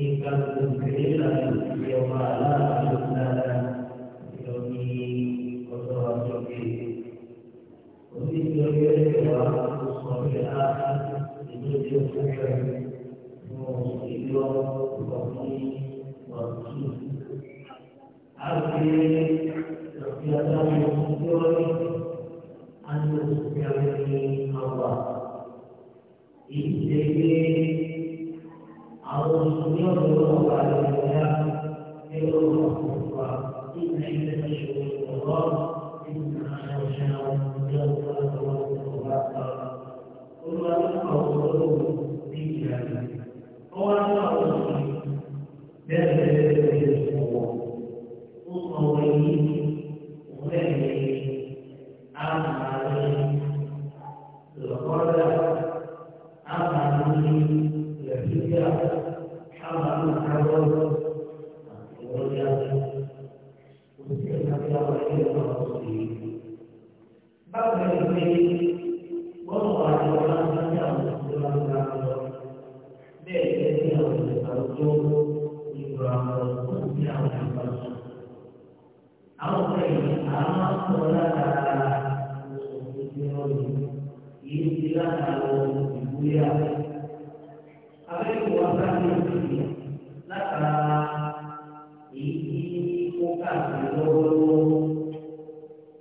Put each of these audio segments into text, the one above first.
إنكم كريما يوم لا يبتلى يومي وتواصلي وفي الجميع وصفيها لجد الفكر وصفيه وفيه وصفيه أبي رفيعته يومي أن يسمعني الله إن àwọn mùsùlùmí ọ̀dọ́ lọ́wọ́ wà lórí ọ̀yá ní lọ́wọ́ ọ̀pọ̀lọpọ̀ ìgbà ilẹ̀ ìṣòro ìwọ̀lọ́ nínú àwọn ọ̀ṣẹ́ àwọn ọmọdé ọ̀pọ̀lọpọ̀ ọ̀pọ̀lọpọ̀ olùwàlúwà ọ̀pọ̀lọpọ̀ ní ìyá rẹ̀ ọwọ́ àwọn àwọn ọ̀sán bẹ́ẹ̀ bẹ́ẹ̀ bẹ́ẹ̀ sọ̀wọ́ ó sọ̀wọ́ yìí òun bẹ́ẹ̀ ni àwọn àlẹ́ lọ́kọ́lá Dia Apa yang kuasa ini Laka Ini Muka Loro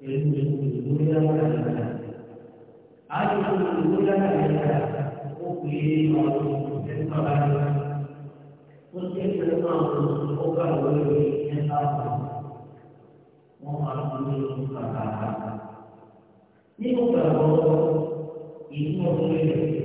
Ilmu Dunia Ayo Dunia Oke Mungkin semua orang boleh mengenal memahami kata-kata. Ini bukan ini mobil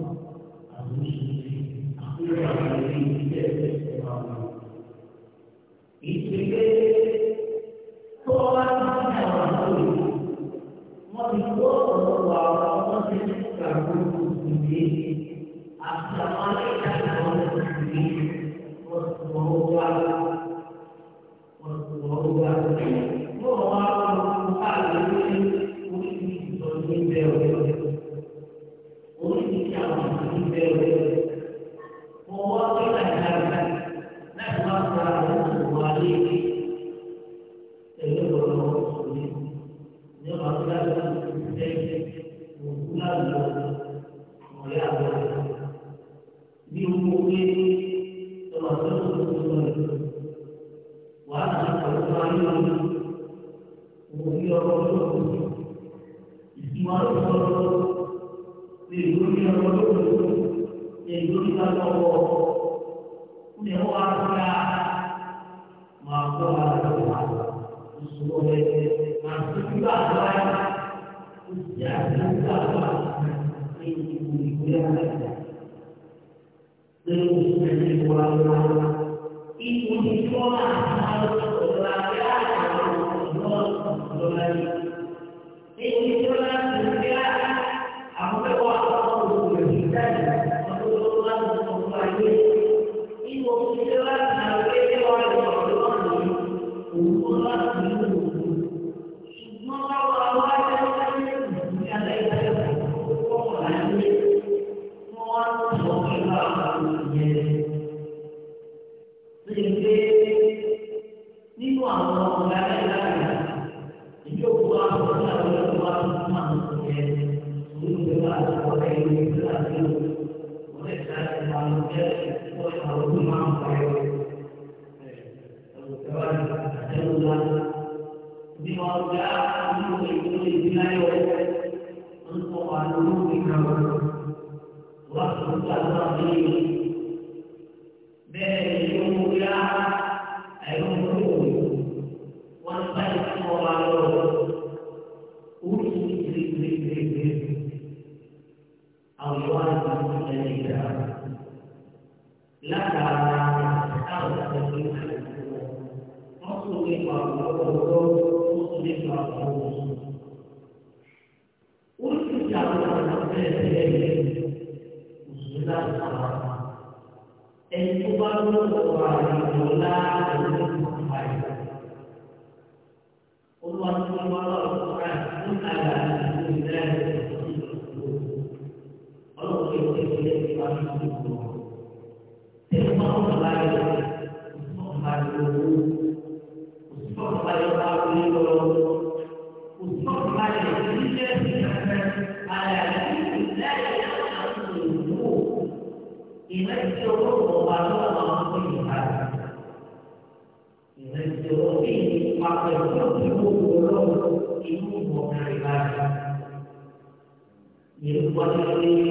Assalamualaikum warahmatullahi wabarakatuh. Thank you. أو يوالد من الإجابة látara táwọn ìdájọ́ ní àdúgbò wọn tún nípa ọ̀pọ̀lọpọ̀ ọ̀rọ̀ wọn tún nípa ọ̀pọ̀lọpọ̀ ọ̀rọ̀. oríṣiríṣi àwọn ọ̀nà bẹ́ẹ̀ bẹ́ẹ̀ yẹ oṣù láti sọ̀rọ̀ ẹni tó bá lọ sọ̀rọ̀ àyẹ̀wò láàrin ìlú ìfà ìlú. olúwa tí wọ́n bá lọ sọ̀rọ̀ àti àyà ìlú ìlú ìlú ọlọ́run yóò tẹ̀lé ìfà ìlú ìlú 我们来，我们来，我们来，我们来！今天天太热，大家中午来两个小时午，你们就中午把桌子摆起来，你们就必须把那个中午的肉、中午的菜来，你们。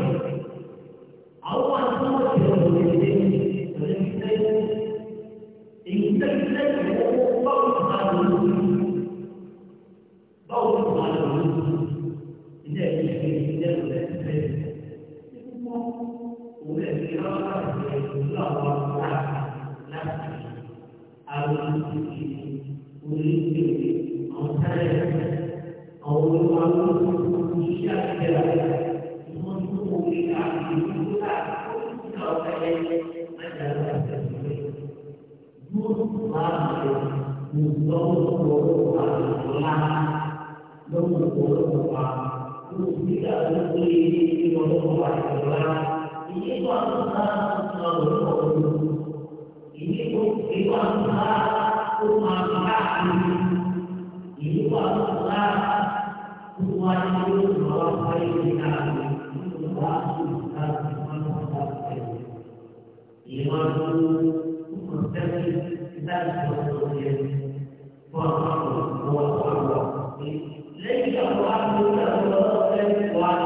lọ́wọ́ lọ́wọ́ wa ìlà lọ́wọ́ lọ́wọ́ wa lùdíkà lórí lọ́wọ́ wa ìlà ìyẹn wà nípa lọ́wọ́ lọ́wọ́ ìyẹn kò sí wà nípa kó máa bá a lò ìyẹn wà nípa kó máa lò lọ́wọ́ wa ìlà وأخبره وأخبره ليس القرآن يقول الله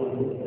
وقال